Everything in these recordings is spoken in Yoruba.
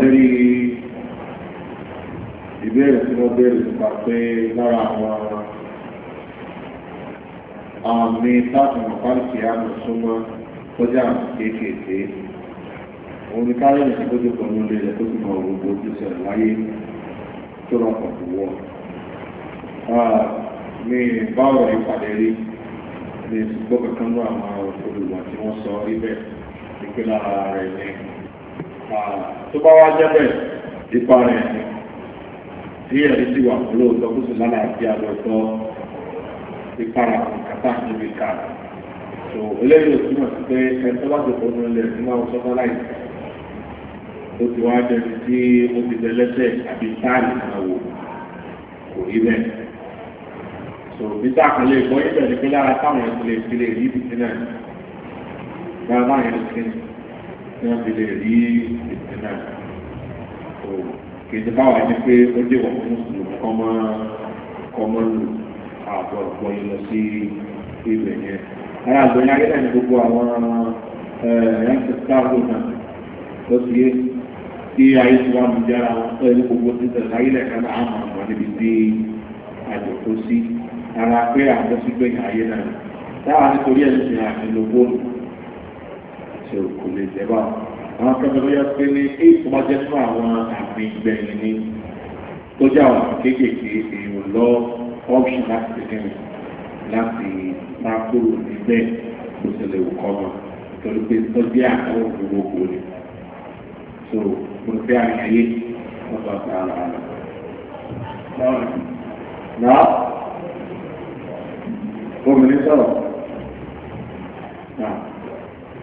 lórí ìbéèrè tí wọ́n béèrè nípa pé lára àwọn àmì táàtì mọ̀páàlìkì àmì súnmọ́ kọjá kéékèèké òun káyọ̀ ní kó tó pọ̀nú lé rẹ̀ tó ti mọ̀ gbogbo ojúṣe láyé tó lọ pọ̀ ìpinnu ara rẹ̀ ní tó bá wá jẹ́ bẹ́ẹ̀ ipa rẹ̀ ní tí ẹ̀rí sì wà fún lóòótọ́ kó sì lánàá àti àlọ́tọ́ ìpara kàtà níbi ká so eléyìí ò túmọ̀ sí pé ẹ̀tọ́ láti fọnú ilẹ̀ nígbà ọ̀sọ́tọ́ láìsí ó ti wá jẹni tí ó ti jẹ lẹ́sẹ̀ àbí táàlì náà kò rí bẹ́ẹ̀ so bí táà kan lè gbọ́ yíbẹ̀ ní pé lára táwọn ẹ̀sìn lè fi lè rí ibi sí náà bàbá yẹn sí ní wọ́n fi lè rí ìpín náà so kìí báwa ní pé ó dé wọ̀ fún mùsùlùmí kọ́mọ́ kọ́mọ́ lù ààbọ̀ ọ̀pọ̀ yìí lọ sí ibẹ̀ yẹn ara àgbẹ̀yìn ayélujára ní gbogbo àwọn ẹ̀ẹ́dẹ́gbẹ̀ta sáàbù náà lọ sí tí ayé tí wọ́n mú jára wọn tó ẹni gbogbo títẹ̀ ayélujára náà àmọ̀ ṣe kò lè jẹ́ bá àwọn akẹ́kọ̀ọ́ lọ́yà pé ní eight tó bá jẹ́ fún àwọn àmì ìgbẹ̀yìn ni tó jẹ́ àwọn kéékèèké èèyàn lọ option láti tẹ̀lé mi láti bá kúrò níbẹ̀ kó ṣẹlẹ̀ wò kọ́ mọ́ torí pé tó jẹ́ àwọn gbogbogbò ni so mo fẹ́ àyè wọ́n bá ta ara rẹ̀. Náà obìnrin sọ̀rọ̀ náà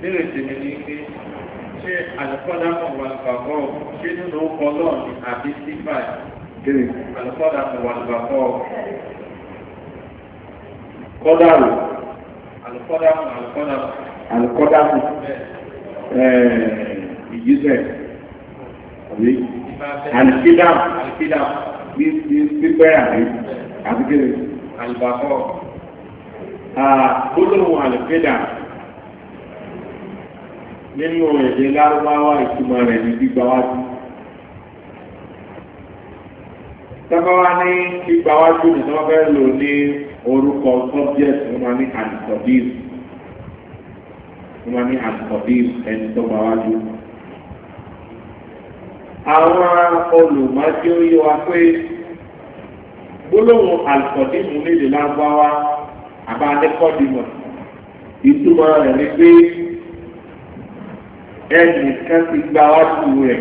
ìbéèrè tèmi ní pé ṣé àlùfọ́dà mọ̀ wà lùbàbọ̀ ṣé nínú ọkọ̀ náà ni àbí sífà àlùfọ́dà mọ̀ wà lùbàbọ̀ kọ́dàrù àlùfọ́dà mọ̀ àlùfọ́dà mọ̀ àlùkọ́dà mọ̀ ìjísẹ̀ àbí àlùkídàm àlùkídàm pípẹ́ àbí àbíkẹ́rẹ́ àlùbàbọ̀ gbólóhùn àlùkídàm. nínú èdè lárúbáwá ìtumọ̀ rẹ̀ ní gbígbàwájú. tọ́bọ́wá ní gbígbàwájú ní tọ́bọ́fẹ́ lò ní orúkọ subject wọ́n máa ní àdìsọ̀bíl wọ́n máa ní àdìsọ̀bíl ẹni tọ́bọ́wájú àwọn olùmọ́jú yí wa pé gbólóhùn nílẹ̀ lárúbáwá ní ẹnìkan ti gba wájú rẹ̀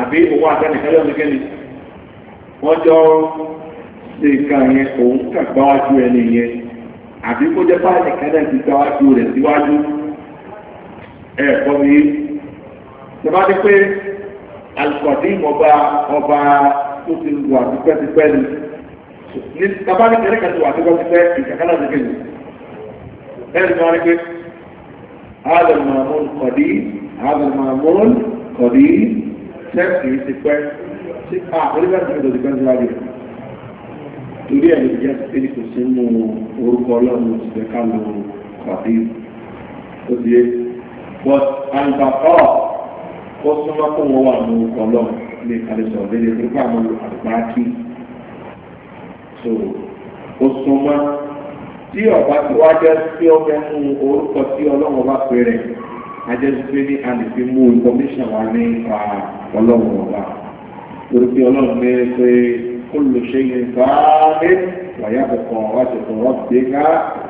àbí owó àtẹnìkan lọ́nà kẹ́ni wọ́n jọ ṣe nǹkan yẹn òun kàn gba wájú ẹni yẹn àbí kó jẹ́ báyìí nìkan ti gba wájú rẹ̀ síwájú ẹ̀kọ́ mi ṣe bá dé pé alùpàdé ìmọ̀ba ọba tó ti wà tipẹ́tipẹ́ ni ní tabali kẹrẹ́kẹ́ tó wà tipẹ́tipẹ́ ìkàkánná ti kéde ẹ̀rù máa rí pé هذا المامون قديم هذا المامون قديم سيكتي سيكوين سيكوين اه قولي بقى سيكوين سيكوين سيكوين torí ẹ̀ lè jẹ́ pé kò sínú orúkọ ọlọ́run ti fẹ́ ká lo kàdíf ó ti yé but àǹtàkọ́ ó súnmọ́ kó wọ́n wà ní orúkọ ọlọ́run ní àlejò ọ̀dẹ́lẹ̀ nípa àwọn àgbà kí so ó súnmọ́ tí ọba tí wá jẹ́ pé ó fẹ́ mú orúkọ tí ọlọ́run bá pè rẹ̀ ajẹ́sí pé ní a lè fi mú information wá nípa ọlọ́run ọba torí pé ọlọ́run ní pé kó lè ṣe yẹ fáámi wàyà kọ̀ọ̀kan wá ti kọ̀ wọ́n ti ká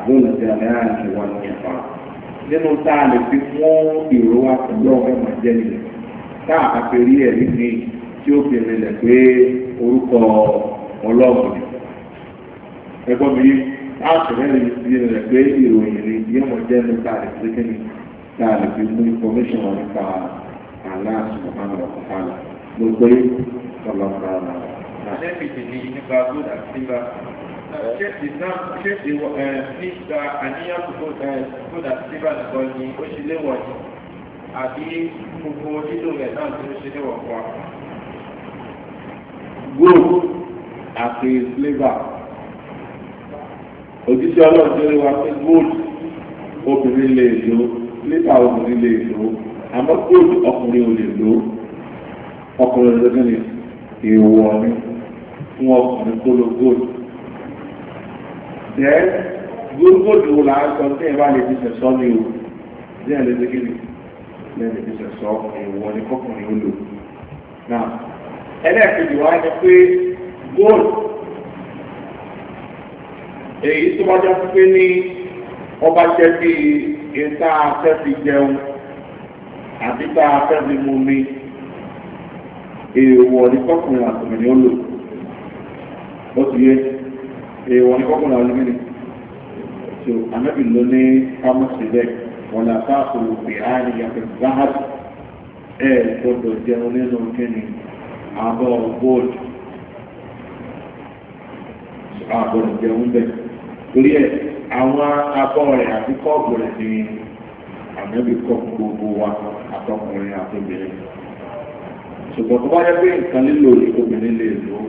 lónìí ti àlẹ́ àti wà ní ẹ̀fà nínú tá a lè fi mú ìró wa pẹ̀lú ọ̀fẹ́ máa jẹ́ nìyẹn tá a fi rí ẹ̀rí mi tí ó fi rìnlẹ̀ pé orúkọ ọlọ́run ẹ̀gbọ́n mi yìí àtìlẹ́yìn bí rẹ̀ pé ìròyìn rẹ̀ yóò mọ̀ jẹ́ ní káàdì pé kí ni information wọn nípa aláàṣù mọ̀hánà ọ̀kọ̀hánà ló pé ọlọ́pàá ara rẹ̀. àlẹ́bí tèmi nípa gold and silver ṣé ti náà ṣé ti níta àníyàn gold and silver nìkan ni ó ṣe léwọ̀ ni gbogbo lílo rẹ̀ òjísé ọlọ́run tó rí wa pé gold obìnrin lè lò lítà obìnrin lè lò àmọ́ gold ọkùnrin ò lè lò ọkùnrin lọ́dún ni èèwọ̀ ni fún ọkùnrin tó lo gold. jẹ́ gold wo là ń sọ tí ẹ bá lè fi sẹ̀sọ́ ni o jẹ́ ẹ lè fi kíni lẹ́yìn lè fi sẹ̀sọ́ èèwọ̀ ni kọkùnrin ó lò. ẹlẹ́ẹ̀kejì wa ni pé gold èyí tó bá jẹ́ pé ní ọba jẹ́ bí ìta afẹ́ fi jẹun àti ìta afẹ́ fi mu mi èèwọ̀ ní kọkùnrin àtòmìnì ó lò ó ti yé èèwọ̀ ní kọkùnrin àtòmìnì tó anábì ló ní kámọ́sì bẹ́ẹ̀ wọn là bá òwò pé á ní yàtọ̀ záhàbì ẹ̀ gbọ́dọ̀ jẹun nínú kíni àbọ̀ gold àbọ̀ jẹun bẹ́ẹ̀ torí ẹ̀ àwọn abọ́ rẹ̀ àti kọ́ọ̀bù rẹ̀ ti ànábì kọ́ gbogbo wa àtọkùnrin àtobìnrin ṣùgbọ́n tó bá yẹ pé nǹkan lílo ní obìnrin lè lò ó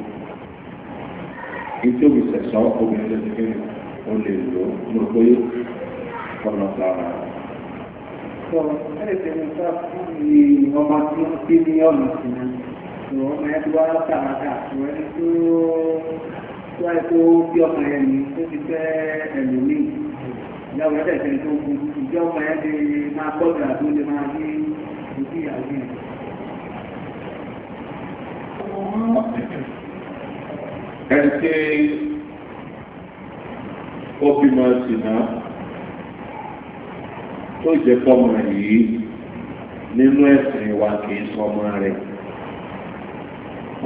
ìtòbí sẹ̀sọ́ obìnrin lè fi ó lè lò ó ní ọgbó yóò kọ́nà sára. sọ ẹ̀rẹ̀ tẹ̀lé sá fún mi ọmọ tí ó gbé ní ọ̀nà sí náà ṣùgbọ́n ọmọ ẹ̀ tó wá látàràkà ṣùgbọ́n ẹni tó tó ẹ máa sì náà tó jẹ́ fọ́mọ yìí nínú ẹ̀sìn wa kì sọ ọmọ rẹ̀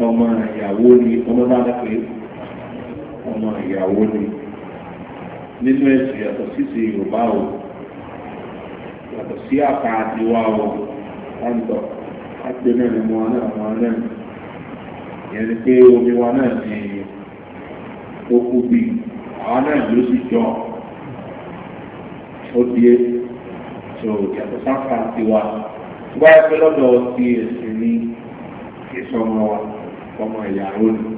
ọmọ ìyàwó ni ọmọ bá dá pé ọmọ ìyàwó ni nínú ẹ̀sìn yàtọ̀ síse yorùbá o yàtọ̀ sí àpá àtiwá o ọ̀dọ̀ àti mẹ́rin mọ́ náà mọ́ náà yẹn ni pé omi wa náà ti okú bí àwọn náà ló sì jọ ó di é tó yàtọ̀ sáfà àtiwá tó bá yẹ pé lọ́dọ̀ ti ẹ̀sìn ní ìsọmọ wa ọmọ ìyàwó ni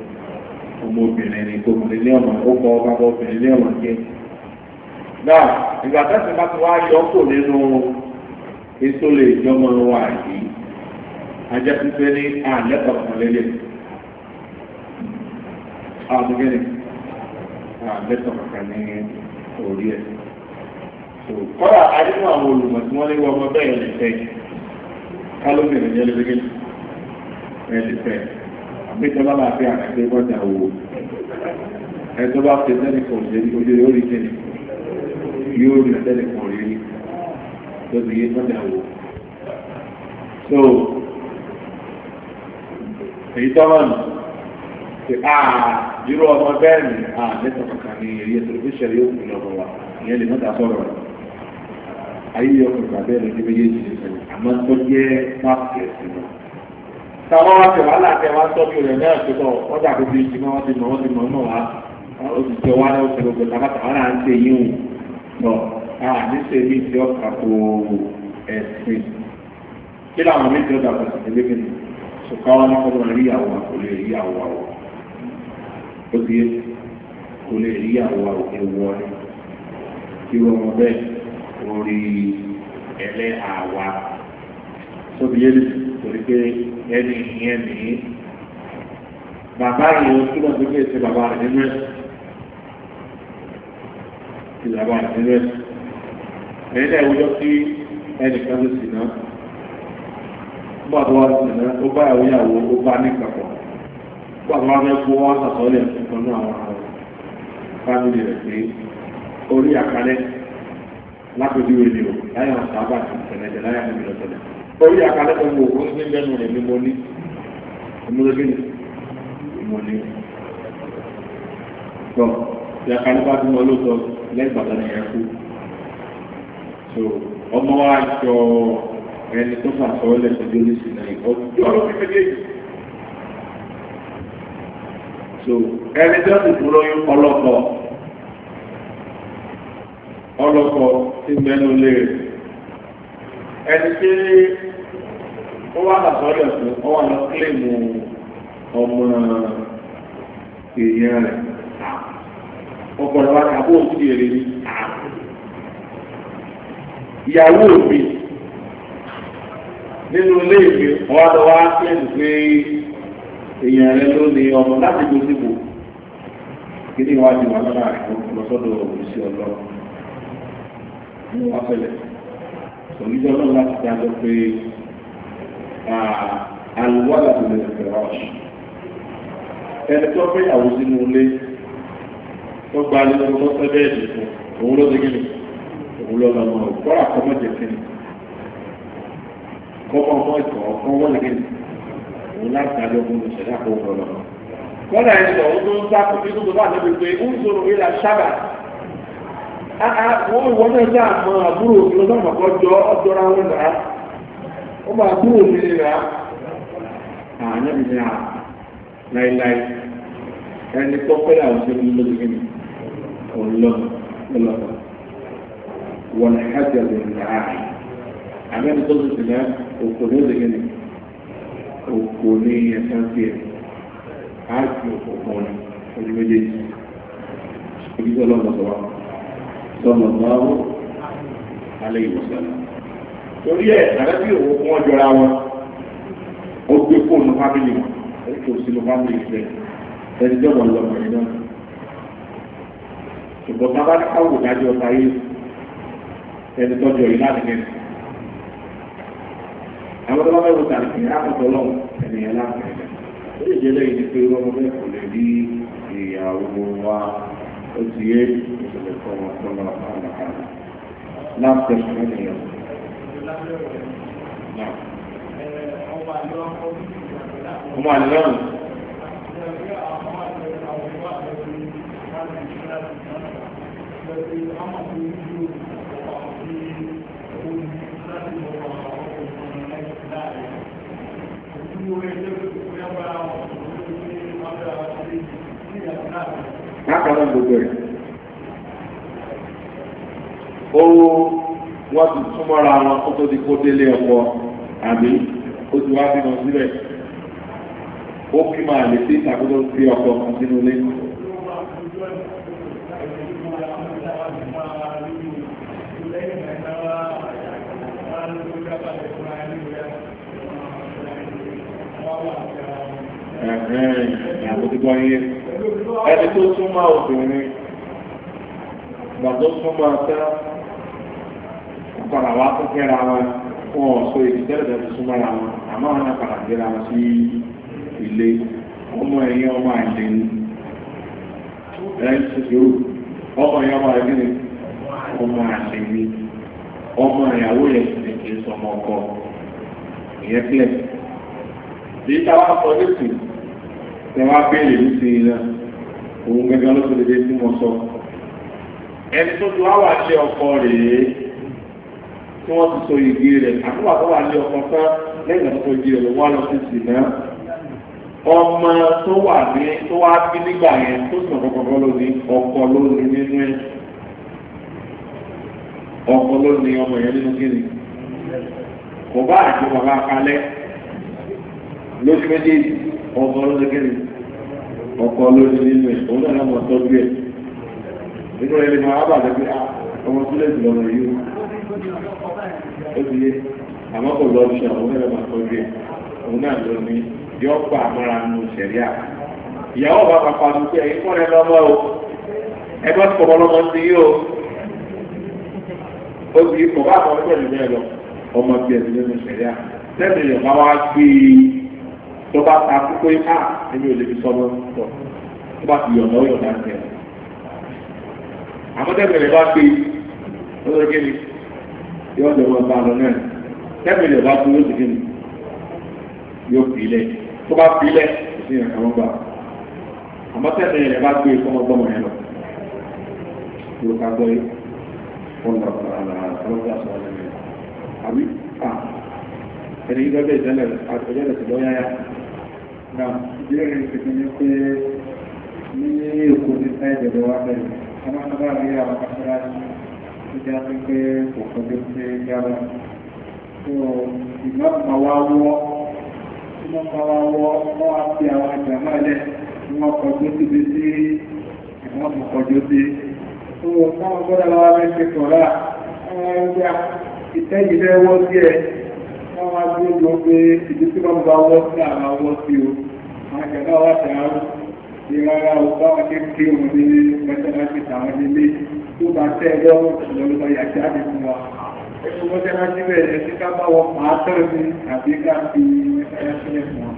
ọmọbìnrin ni kò mọ̀lẹ́ ní ọ̀nà ó kọ ọba ọmọbìnrin ní ọ̀nà jẹ́. náà ìgbà tẹ́sí bá ti wá yọ kò nínú ètò lè jọmọ wa yìí ajá pípẹ́ ní àlẹ́ ọ̀kan lélẹ̀. àdúgbẹ́ni àlẹ́ ọ̀kan ní orí ẹ̀. kọ́lá adínú àwọn olùmọ̀ tí wọ́n lé wọ ọmọ bẹ́ẹ̀ lè fẹ́ kálómìnì ní lè fẹ́ àpéjọ bá máa fi àkàtẹ́ bọ́jà wò ẹ̀tọ́ bá fi tẹ́lẹ̀kùn lérí ojú rẹ̀ orí kẹ́lẹ̀ yóò rí tẹ́lẹ̀kùn lérí lọ́dún yé bọ́jà wò. so èyí tọ́ wọn ṣe àà irú ọmọ bẹ́ẹ̀ ni àà lẹ́tọ̀ kankan ní eré ètò ìṣẹ̀lẹ̀ yóò fi lọ́wọ́ wa ìyẹn lè mọ́ta sọ̀rọ̀ rẹ̀ ayé ọkùnrin bàbá ẹ̀ lọ́dún méjèèjì àmọ́ tó jẹ́ pàṣẹ táwọn wá tẹ̀wá láàkẹ́ wá tọ́jú rẹ̀ náà tó tọ̀ wọ́n dàbí bí ti mọ́ wọ́n ti mọ̀ wọ́n ti mọ̀ mọ̀ wá ó sì jẹ́ wá náà ó tẹ̀lé gbẹ̀ta bàtà wọn náà ń ṣe yín o lọ àníṣe mi ti ọkà tó ẹ̀sìn kí làwọn méjì ọjà kò sì tẹ̀lé gbẹ̀mí ṣùkọ́ wọn kọ́ lọ rí àwọn kò lè rí àwọn àwọ̀ ó ti yé kò lè rí àwọn àwọ̀ ẹ̀wọ̀ rẹ̀ kí wọ́n mọ bẹ́ẹ̀ orí ẹlẹ́ àwa tó ti yé lẹ́sìn. torí pé ẹni ìyẹn nìyí bàbá yìí ó túbọ̀ tó kéèsì bàbá rẹ̀ nínú ẹ̀ ti bàbá rẹ̀ nínú ẹ̀ ẹ̀yìn náà wújọ́ sí ẹnì kan ló sì náà nígbà awo, wá sí náà ó bá ìwé ìyàwó ó bá ní ìpapọ̀ nígbà tó wá fẹ́ kó wá sàtọ́lẹ̀ nǹkan náà àwọn àwọn fámìlì rẹ̀ pé orí àkálẹ̀ orí àkàlẹ́ tó wò ó ní lẹ́nu rẹ̀ ni mo ní ìmúlẹ́gbẹ́ ni mo ní. tó ti àkàlẹ́ bá tún ọlọ́tọ̀ lẹ́gbàdá ni ẹ kú. so ọmọ wa jọ ẹni tó fà sọ lẹ́sẹ̀ bí orí sí náà ọjọ́ ọ̀rọ̀ fi méjèèjì. so ẹni tó ti dúró yín ọlọ́kọ̀ ọlọ́kọ̀ ti mẹ́nu lé ẹni tí ó wá àtàsọ́dọ̀ fún ọ wà lọ kílèmù ọmọ èèyàn rẹ̀ ọgbọ̀nà wa kàbó òsì èrè ni ìyàwó òbí nínú ilé ìwé ọwọ́ àtọwọ́ á kílèmù pé èèyàn rẹ̀ ló ní ọmọ láti gbòsígbò kìdí ìwádìí wà lọ́dà lọ́sọ́dọ̀ òsì ọlọ́run ní wọ́n fẹ́lẹ̀ òyìnbó náà láti dájọ́ pé àlùwàlà tó lè fẹ̀rẹ̀ ọ̀ṣù ẹni tó fẹ́ ìyàwó sínú ilé tó gba ilé tó tọ́ bẹ́ẹ̀dì fún òun ló dégé ni òun lọ lọ mọ òkúra kọ́mọ jẹ kí ni kọ́mọ ọmọ ìtọ̀ ọ̀kan wọ́n lè ní òun láti dájọ́ fún ìṣẹ̀dá kó wọ́n lọ. kọ́dà ẹ̀ sọ ohun tó ń sá fún títún tó bá débi pé ó ń sọ̀rọ̀ ìlà sábà wọ́n ìwọ́n náà sáà mọ àbúrò òfin lọ́sọ̀rọ̀ ọjọ́ ọjọ́ ra wọn náà ó máa kú òun ní ra ànábì ní à láíláí ẹni tó pẹ́lẹ́ àwọn tó ń lóbi gẹ́gẹ́ òun lọ́nà lọ́nà wọn hájà lè rà á àbẹ́ni tó ti tẹ̀lé òkò ní òde gẹ́gẹ́ òkò ní ẹ̀sán tiẹ̀ á ti òkò kan ní méjèèjì ojú tó lọ́nà alẹ́ ìwòsàn torí ẹ̀ àrẹ́bí òwò fún wọn jọra wọn ó gbé fóònù fámìlì wọn èyí kò sínú fámìlì rẹ̀ ẹni jọ̀bọ̀ lọ́mọdé náà ṣùgbọ́n tá a bá káwò dájọ́ ọ̀tá yìí ẹni tọ́jú ọ̀yìn láti ní àwọn tó bá fẹ́ wọ́n tàbí kí àkọ́kọ́ lọ́wọ́ ènìyàn láti ẹ̀jẹ̀ ó lè jẹ́ lẹ́yìn ní pé wọ́n fẹ́ kò lè rí ìyàwó wa ó ti yé ìṣẹ̀lẹ̀ kan wọn tó lọ́wọ́ àwọn àkàrà láti ẹ̀sùn ènìyàn ọmọ àlọ́run. Thank you. wọ́n ti túnmọ́ra wọn ó tó ti kó délé ọkọ àbí ó ti wá bímọ síbẹ̀ ó kí máa lè sí ìtàkùn tó ń fi ọkọ kan sínú ilé. Ẹni tó súnmọ́ obìnrin, ìgbà tó súnmọ́ ọ̀tá padà wá tó fẹ́ra wọn wọn ò so èdè tẹ́lẹ̀ tẹ́lẹ̀ súnmọ́ ra wọn àmọ́ wọn padà gbéra wọn sí ilé ọmọ ẹ̀yìn ọmọ àìlè ní ẹ̀ẹ́sìkò ọmọ ẹ̀yìn ọmọ àìlè ní ọmọ àìlè ní ọmọ ìyàwó yẹn sì ní kí n sọmọ ọkọ ìyẹn pẹ́ẹ́ bí táwa sọ nísìnyí tẹwa bẹ́ẹ̀lì ní ti iná òun gẹ́gẹ́ ló fi lè dé tí mo sọ ẹni tó ti wá wà ọkọ rèé tí wọ́n ti so igi rẹ̀ àtúwà tó wà ní ọkàn tán lẹ́yìn tó igi rẹ̀ wá lọ sí ìsìnà ọmọ tó wà ní tó wá bí nígbà yẹn tó sùn kọkọkọ lónìí ọkọ lónìí nínú ẹ ọkọ lónìí ọmọ yẹn nínú kiri kò bá àti bàbá kalẹ̀ lójú méjèèjì ọkọ lónìí kiri ọkọ lónìí nínú ẹ òun náà lọ́mọ tó gbé ẹ nínú ẹ lè máa bàjẹ́ ó ti yé àmọ́ kò lọ ṣe àwọn ẹ̀rọ máa tọ́jú ẹ̀ òun náà ló ní yọ pa àmọ́ra nu sẹ̀ríà ìyàwó bá pàpà ní pé ẹ̀yin fún ẹ lọ́mọ o ẹ bá fọwọ́ lọ́mọ sí yìí o ó ti kọ̀ bá àwọn ẹgbẹ́ ìlú ẹ̀ lọ ọmọ ti ẹ̀ nínú sẹ̀ríà lẹ́nu ìyàn bá wá gbé e tó bá ta kókó ipá ẹni ah, ò lè fi sọ́mọ́ tó bá ti yọ̀ yóò lè wọn bá náà tẹ́bìlì ọba fún yóò dìde yóò fìlẹ̀ tó bá fìlẹ̀ kò sí ìrìn àwọn gbà àmọ́ tẹ́bìlì rẹ̀ bá gbé ìfọmọgbọmọ yẹn lọ yóò ká gbọ́ fún ọ̀pọ̀ ọlọ́gbà sọ ọ́nà mi àbí à ẹni yìí lọ́gbẹ̀ ìtẹ́lẹ̀ àtẹ̀jẹ́ rẹ̀ sì lọ́ yáyá ìbéèrè ìpínlẹ̀ ní pé ní èkó ní sáyẹ̀dẹ̀ lọ́wọ́ bẹ̀rẹ̀ ọmọ náà rí àwọn akọ́ṣẹ́ tó já sí pé kò kọjú sí yára tó ìgbọ́n ma wá wọ́ tí wọ́n bá wá wọ́ wọ́n á fi àwọn ìjàmbá lẹ̀ tí wọ́n kọjú síbi sí ìwọ́n kò kọjú sí tó táwọn gbọ́dọ̀ lọ́wọ́ bẹ́ẹ̀ ṣe kọ̀ọ̀rà àwọn ẹgbẹ́ ìtẹ́yìí lẹ́wọ́ sí ẹ̀ wọ́n wá bí tó bá tẹ́ lọ́rùn lọ́rùn ọ̀yà jáde fún wa. Ẹgbẹ́ wọ́n tẹ́lá síbẹ̀ ẹ̀ sí ká bá wọn máa tọ́rọ ní àbí ká fi ẹ̀yà sílẹ̀ fún wa.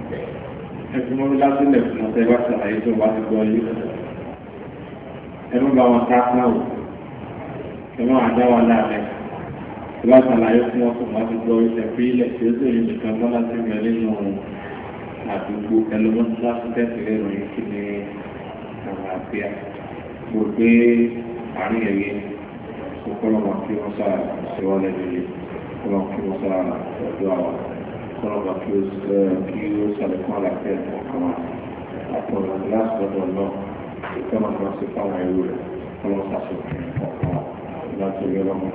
Ẹgbẹ́ wọn lásìlẹ̀ fún ọ̀tẹ́ bá ṣàlàyé tó bá ti gbọ́ yìí. Ẹnu bá wọn ká náà wò. Ẹnu àdá wa láàrẹ̀. Ẹ bá ṣàlàyé fún wọn tó bá ti gbọ́ ìṣẹ̀ fi ilẹ̀ tí ó sì rí nìkan àárín ẹ̀yẹ kọ́lọ́mà kí wọ́n sáà ṣèwọ́lẹ̀ lórí kọ́lọ́mà kí wọ́n sáà ọ̀dọ́ àwọn kọ́lọ́mà kí ó sàlẹ̀kọ́ àlàáfẹ́ ọ̀kan àtọ̀rọ̀ lásìkọ̀dọ̀ náà ìkọ́lọ́mà sí fáwọn ẹrú rẹ̀ kọ́lọ́mà sàṣọ ọ̀kan látòrí ọlọ́mọ